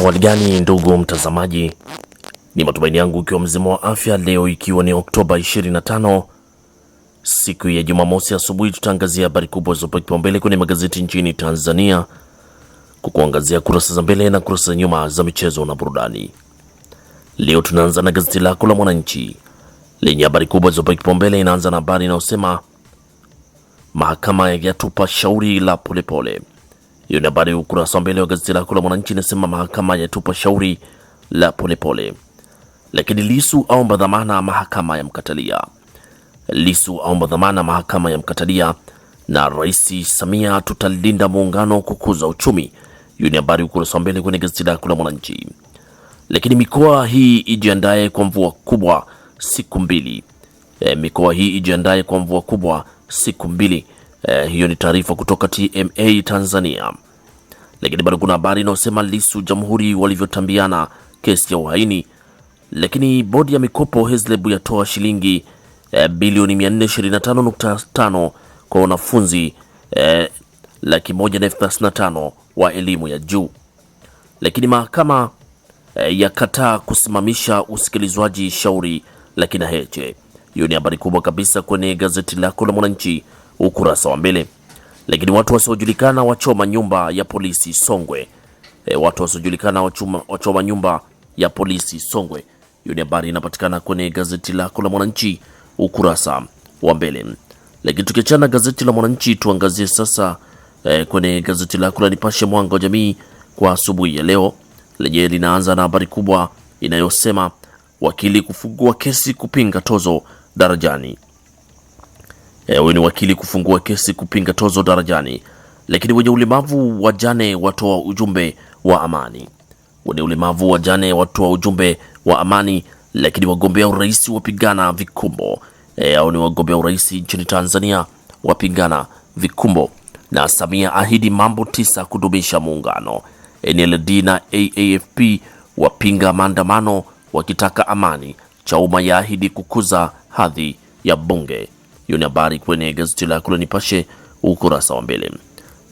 gani ndugu mtazamaji, ni matumaini yangu ukiwa mzima wa afya. Leo ikiwa ni Oktoba 25 siku ya Jumamosi asubuhi, tutaangazia habari kubwa zilizopewa kipaumbele kwenye magazeti nchini Tanzania, kukuangazia kurasa za mbele na kurasa za nyuma za michezo na burudani. Leo tunaanza na gazeti lako la Mwananchi lenye habari kubwa zilizopewa kipaumbele. Inaanza na habari inayosema mahakama yatupa shauri la Polepole pole. Hiyo ni habari ukurasa wa mbele wa gazeti lako la Mwananchi inasema mahakama yatupa shauri la Polepole pole. Lakini Lisu aomba dhamana mahakama mkatalia. Lisu aomba dhamana mahakama mkatalia Na Rais Samia, tutalinda muungano kukuza uchumi. Hiyo ni habari ukurasa wa mbele kwenye gazeti lako la Mwananchi. Lakini mikoa hii ijiandae kwa mvua kubwa siku mbili. E, mikoa hii ijiandae kwa mvua kubwa siku mbili. E, hiyo ni taarifa kutoka TMA Tanzania. Lakini bado kuna habari inayosema Lisu Jamhuri walivyotambiana kesi ya uhaini. Lakini bodi ya mikopo HESLB yatoa shilingi e, bilioni 425.5 kwa wanafunzi e, laki moja na elfu thelathini na tano wa elimu ya juu. Lakini mahakama e, yakataa kusimamisha usikilizwaji shauri la kina Heche. Hiyo ni habari kubwa kabisa kwenye gazeti lako la Mwananchi ukurasa wa mbele. Lakini watu wasiojulikana wachoma nyumba ya polisi Songwe. E, watu wasiojulikana wachoma nyumba ya polisi Songwe. Hiyo ni habari inapatikana kwenye gazeti lako la Mwananchi ukurasa wa mbele. Lakini tukiachana gazeti la Mwananchi tuangazie sasa e, kwenye gazeti lako la Nipashe Mwanga wa Jamii kwa asubuhi ya leo lenyewe linaanza na habari kubwa inayosema wakili kufungua kesi kupinga tozo darajani. Eh, huyu ni wakili kufungua kesi kupinga tozo darajani, lakini wenye ulemavu wajane watoa ujumbe wa amani. Wenye ulemavu wajane watoa ujumbe wa amani, lakini wagombea urais wapigana vikumbo. Eh, Au ni wagombea urais nchini Tanzania wapigana vikumbo. Na Samia ahidi mambo tisa kudumisha muungano. NLD na AAFP wapinga maandamano wakitaka amani. Chauma yaahidi kukuza hadhi ya bunge. Hiyo ni habari kwenye gazeti lako la Nipashe ukurasa wa mbele.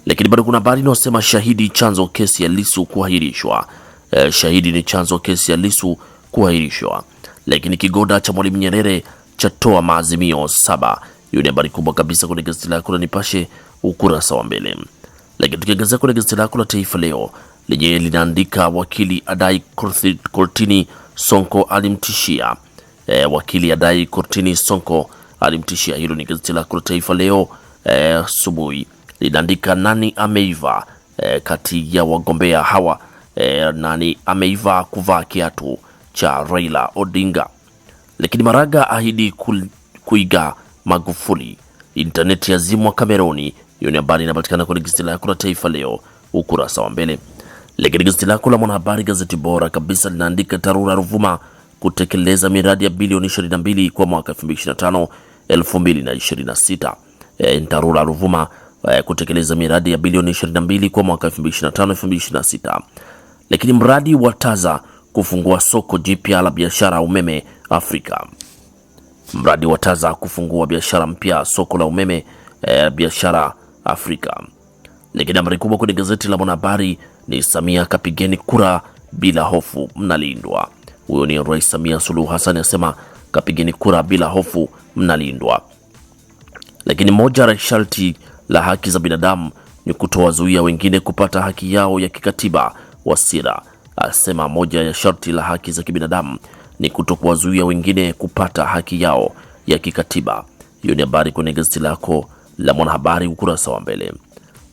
Lakini bado kuna habari inayosema shahidi chanzo kesi ya Lisu kuahirishwa. E, shahidi ni chanzo kesi ya lisu kuahirishwa. Lakini kigoda cha Mwalimu Nyerere chatoa maazimio saba. Hiyo ni habari kubwa kabisa kwenye gazeti lako la Nipashe ukurasa wa mbele. Lakini tukiangazia kwenye gazeti lako la Taifa Leo lenye linaandika wakili adai kortini Sonko alimtishia. E, wakili adai kortini Sonko alimtishia. Hilo ni gazeti lako la Taifa Leo eh, asubuhi e, linaandika nani ameiva e, kati ya wagombea hawa e, nani ameiva kuvaa kiatu cha Raila Odinga. Lakini Maraga ahidi ku, kuiga Magufuli. Intaneti yazimwa Kameroni. Hiyo ni habari inapatikana kwenye gazeti lako la Taifa Leo ukurasa wa mbele. Lakini gazeti lako la Mwanahabari, gazeti bora kabisa, linaandika TARURA Ruvuma kutekeleza miradi ya bilioni 22 kwa mwaka 2025 2026. E, Ntarura Ruvuma e, kutekeleza miradi ya bilioni 22 kwa mwaka 2025 2026. Lakini mradi wa Taza kufungua soko jipya la biashara umeme Afrika. Mradi wa Taza kufungua biashara mpya soko la umeme e, biashara Afrika. Lakini habari kubwa kwenye gazeti la Mwanahabari ni Samia, kapigeni kura bila hofu, mnalindwa. Huyo ni Rais Samia Suluhu Hassan asema kapigeni kura bila hofu, mnalindwa. Lakini moja la sharti la haki za binadamu ni kutowazuia wengine kupata haki yao ya kikatiba. Wasira asema moja ya sharti la haki za kibinadamu ni kutokuwazuia wengine kupata haki yao ya kikatiba. Hiyo ni habari kwenye gazeti lako la Mwanahabari ukurasa wa mbele.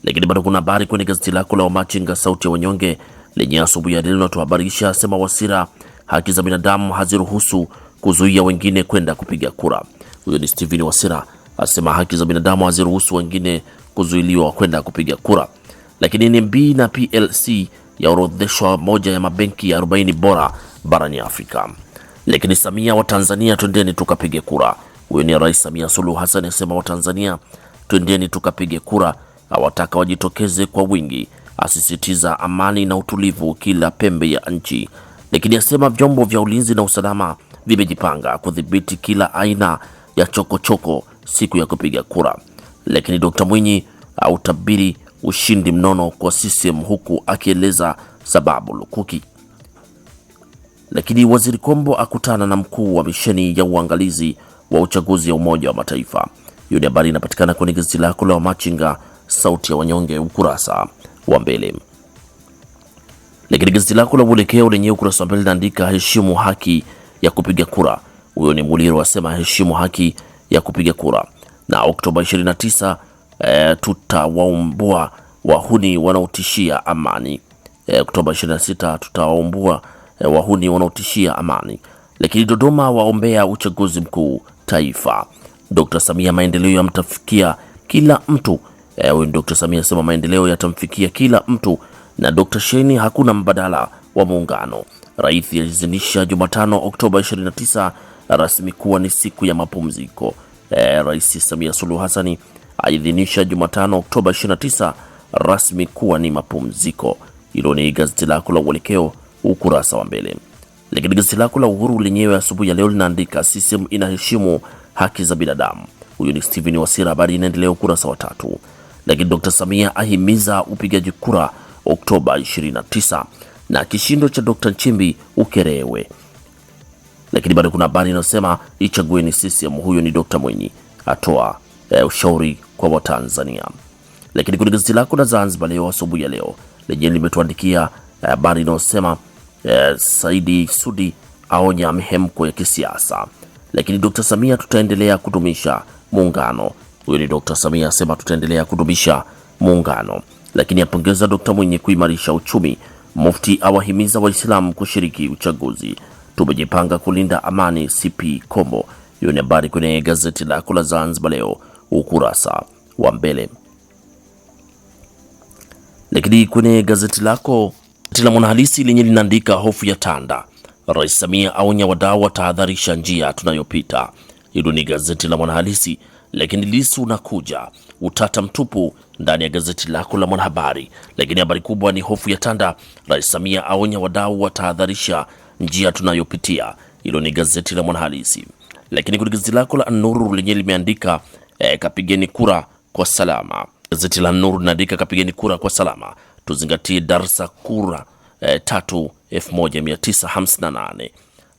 Lakini bado kuna habari kwenye gazeti lako la Wamachinga Sauti ya Wanyonge lenye asubuhi ya leo linatuhabarisha, asema Wasira, haki za binadamu haziruhusu kuzuia wengine kwenda kupiga kura. Huyo ni Steven Wasira asema haki za binadamu haziruhusu wengine kuzuiliwa kwenda kupiga kura. Lakini NMB na PLC yaorodheshwa moja ya mabenki ya 40 bora barani Afrika. Lakini Samia wa Tanzania, twendeni tukapige kura. Huyo ni Rais Samia Suluhu Hassan asema wa Tanzania, twendeni tukapige kura, awataka wajitokeze kwa wingi, asisitiza amani na utulivu kila pembe ya nchi, lakini asema vyombo vya ulinzi na usalama vimejipanga kudhibiti kila aina ya chokochoko choko siku ya kupiga kura, lakini Dkt Mwinyi autabiri ushindi mnono kwa CCM huku akieleza sababu lukuki. Lakini Waziri Kombo akutana na mkuu wa misheni ya uangalizi wa uchaguzi ya Umoja wa Mataifa. Hiyo ni habari inapatikana kwenye gazeti lako la Wamachinga sauti ya wanyonge ukurasa wa mbele. Lakini gazeti lako la Uelekeo lenye ukurasa wa mbele linaandika heshimu haki ya kupiga kura. Huyo ni Muliro asema heshimu haki ya kupiga kura. Na Oktoba 29 e, eh, tutawaumbua wahuni wanaotishia amani. E, Oktoba 26 tutawaumbua e, eh, wahuni wanaotishia amani. Lakini Dodoma waombea uchaguzi mkuu taifa. Dr. Samia maendeleo yamtafikia kila mtu. E, Dr. Samia asema maendeleo yatamfikia kila mtu na Dr. Sheni hakuna mbadala wa muungano. Rais aliidhinisha Jumatano Oktoba 29 rasmi kuwa ni siku ya mapumziko. E, Rais Samia Suluhu Hassan aidhinisha Jumatano Oktoba 29 rasmi kuwa ni mapumziko. Hilo ni gazeti lako la Uelekeo ukurasa wa mbele. Lakini gazeti lako la Uhuru lenyewe asubuhi ya leo linaandika CCM inaheshimu haki za binadamu. Huyu ni Steven Wasira, habari inaendelea ukurasa wa tatu. Lakini Dr. Samia ahimiza upigaji kura Oktoba 29 na kishindo cha Dr. Nchimbi Ukerewe. Lakini bado kuna habari inayosema ichagueni CCM, huyo ni Dr. Mwinyi atoa e, ushauri kwa Watanzania. Lakini kwenye gazeti lako la Zanzibar leo asubuhi ya leo lenyewe limetuandikia eh, habari e, inayosema e, Saidi Sudi aonya mihemko ya kisiasa. Lakini Dr. Samia tutaendelea kudumisha muungano. Huyo ni Dr. Samia asema tutaendelea kudumisha muungano, lakini apongeza Dr. Mwinyi kuimarisha uchumi Mufti awahimiza Waislamu kushiriki uchaguzi. Tumejipanga kulinda amani, CP Kombo. Hiyo ni habari kwenye gazeti lako la Zanzibar Leo ukurasa wa mbele. Lakini kwenye gazeti lako la Mwanahalisi lenye linaandika hofu ya tanda, Rais Samia aonya wadau, watahadharisha njia tunayopita. Hilo ni gazeti la Mwanahalisi. Lakini Lisu nakuja utata mtupu ndani ya gazeti lako la Mwanahabari. Lakini habari kubwa ni hofu ya tanda, Rais Samia aonya wadau, watahadharisha njia tunayopitia. Hilo ni gazeti la Mwanahalisi. Lakini kuna gazeti lako la Nuru lenyewe limeandika e, kapigeni kura kwa salama. Gazeti la Nuru linaandika kapigeni kura kwa salama, tuzingatie darsa kura e, tatu 1958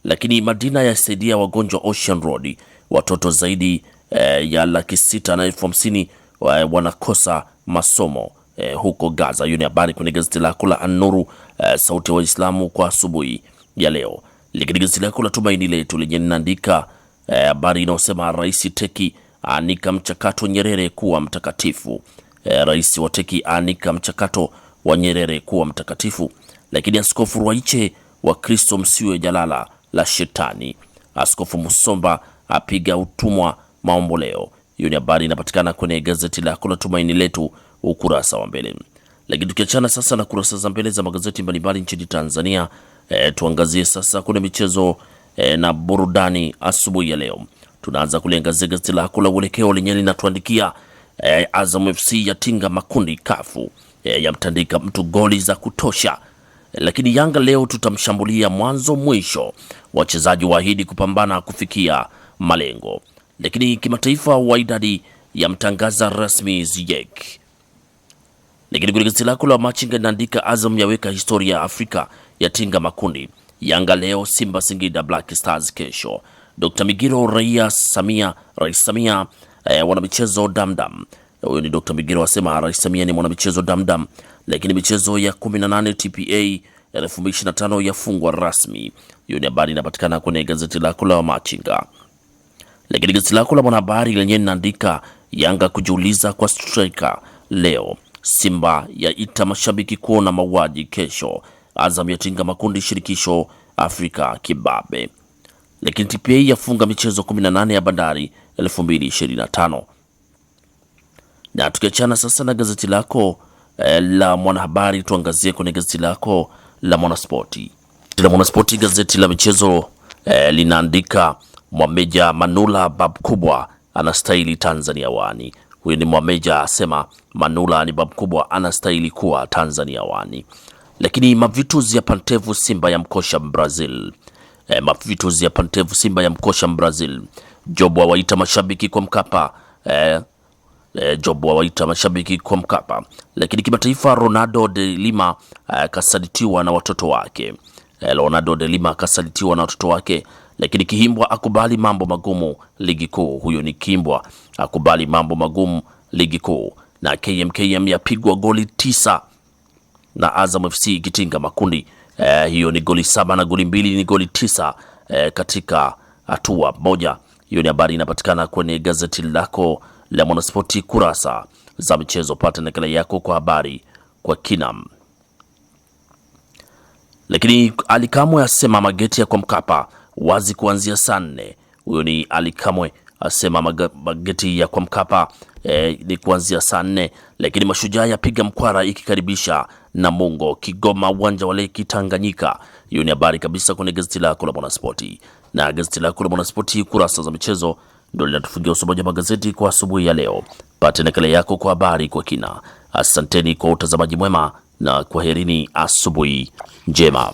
lakini Madina yasaidia wagonjwa Ocean Road, watoto zaidi e, ya laki sita na elfu hamsini Eh, wanakosa masomo e, huko Gaza. Hiyo ni habari kwenye gazeti lako la Anuru e, eh, sauti ya Waislamu kwa asubuhi ya leo. Lakini gazeti lako la Tumaini Letu lenye linaandika habari e, inayosema Rais Teki anika mchakato Nyerere kuwa mtakatifu. E, Rais wa Teki anika mchakato wa Nyerere kuwa mtakatifu. Lakini Askofu Ruwaiche wa Kristo msiwe jalala la shetani. Askofu Musomba apiga utumwa maomboleo. Hiyo ni habari inapatikana kwenye gazeti lako la Tumaini Letu ukurasa wa mbele. Lakini tukiachana sasa na kurasa za mbele za magazeti mbalimbali nchini Tanzania, e, tuangazie sasa kuna michezo e, na burudani asubuhi ya leo. Tunaanza kuliangazia gazeti lako la Uelekeo lenyewe linatuandikia e, Azam FC yatinga makundi kafu e, yamtandika mtu goli za kutosha lakini Yanga leo tutamshambulia mwanzo mwisho, wachezaji waahidi kupambana kufikia malengo lakini kimataifa wa idadi ya mtangaza rasmi Ziyech. Lakini kwenye gazeti lako la Machinga inaandika Azam yaweka historia ya Afrika yatinga makundi Yanga leo Simba Singida Black Stars kesho. Dr. Migiro raia Samia, Rais Samia eh, wanamichezo damdam. Huyo ni Dr. Migiro asema Rais Samia ni mwanamichezo damdam. Lakini michezo ya 18 TPA ya 2025 yafungwa rasmi. Hiyo ni habari inapatikana kwenye gazeti lako la Machinga. Lakini gazeti lako la Mwanahabari lenyewe linaandika Yanga kujiuliza kwa striker leo, Simba yaita mashabiki kuona mauaji kesho, Azam yatinga makundi shirikisho Afrika kibabe, lakini TPA yafunga michezo 18 ya Bandari 2025. Na tukiachana sasa na gazeti lako eh, la Mwanahabari, tuangazie kwenye gazeti lako la Mwanaspoti. Mwanaspoti, gazeti la michezo eh, linaandika Mwameja Manula bab kubwa anastahili Tanzania wani. Huyu ni Mwameja asema Manula ni bab kubwa anastahili kuwa Tanzania wani. Lakini mavituzi ya Pantevu Simba ya mkosha Brazil. E, eh, mavituzi ya Pantevu Simba ya mkosha Brazil. Jobu waita mashabiki kwa Mkapa. E, eh, e, eh, Jobu waita mashabiki kwa Mkapa. Lakini kimataifa Ronaldo de Lima e, akasalitiwa na watoto wake. E, Ronaldo de Lima akasalitiwa na watoto wake lakini Kihimbwa akubali mambo magumu ligi kuu. Huyo ni Kihimbwa akubali mambo magumu ligi kuu. Na KMKM yapigwa goli tisa na Azam FC ikitinga makundi. Eh, hiyo ni goli saba na goli mbili ni goli tisa eh, katika hatua moja. Hiyo ni habari inapatikana kwenye gazeti lako la Mwanaspoti kurasa za michezo. Pata nakala yako kwa habari kwa kinam. Lakini Alikamwe asema mageti ya kwa Mkapa wazi kuanzia saa nne. Huyo ni Ali Kamwe asema mageti ya kwa Mkapa eh, ni kuanzia saa nne, lakini Mashujaa yapiga mkwara ikikaribisha Namungo Kigoma, uwanja wa Leki Tanganyika. Hiyo ni habari kabisa kwenye gazeti lako la Mwanaspoti, na gazeti lako la Mwanaspoti kurasa za michezo ndio linatufungia usomaji wa magazeti kwa asubuhi ya leo. Pate nakala yako kwa habari kwa kina. Asanteni kwa utazamaji mwema na kwaherini, asubuhi njema.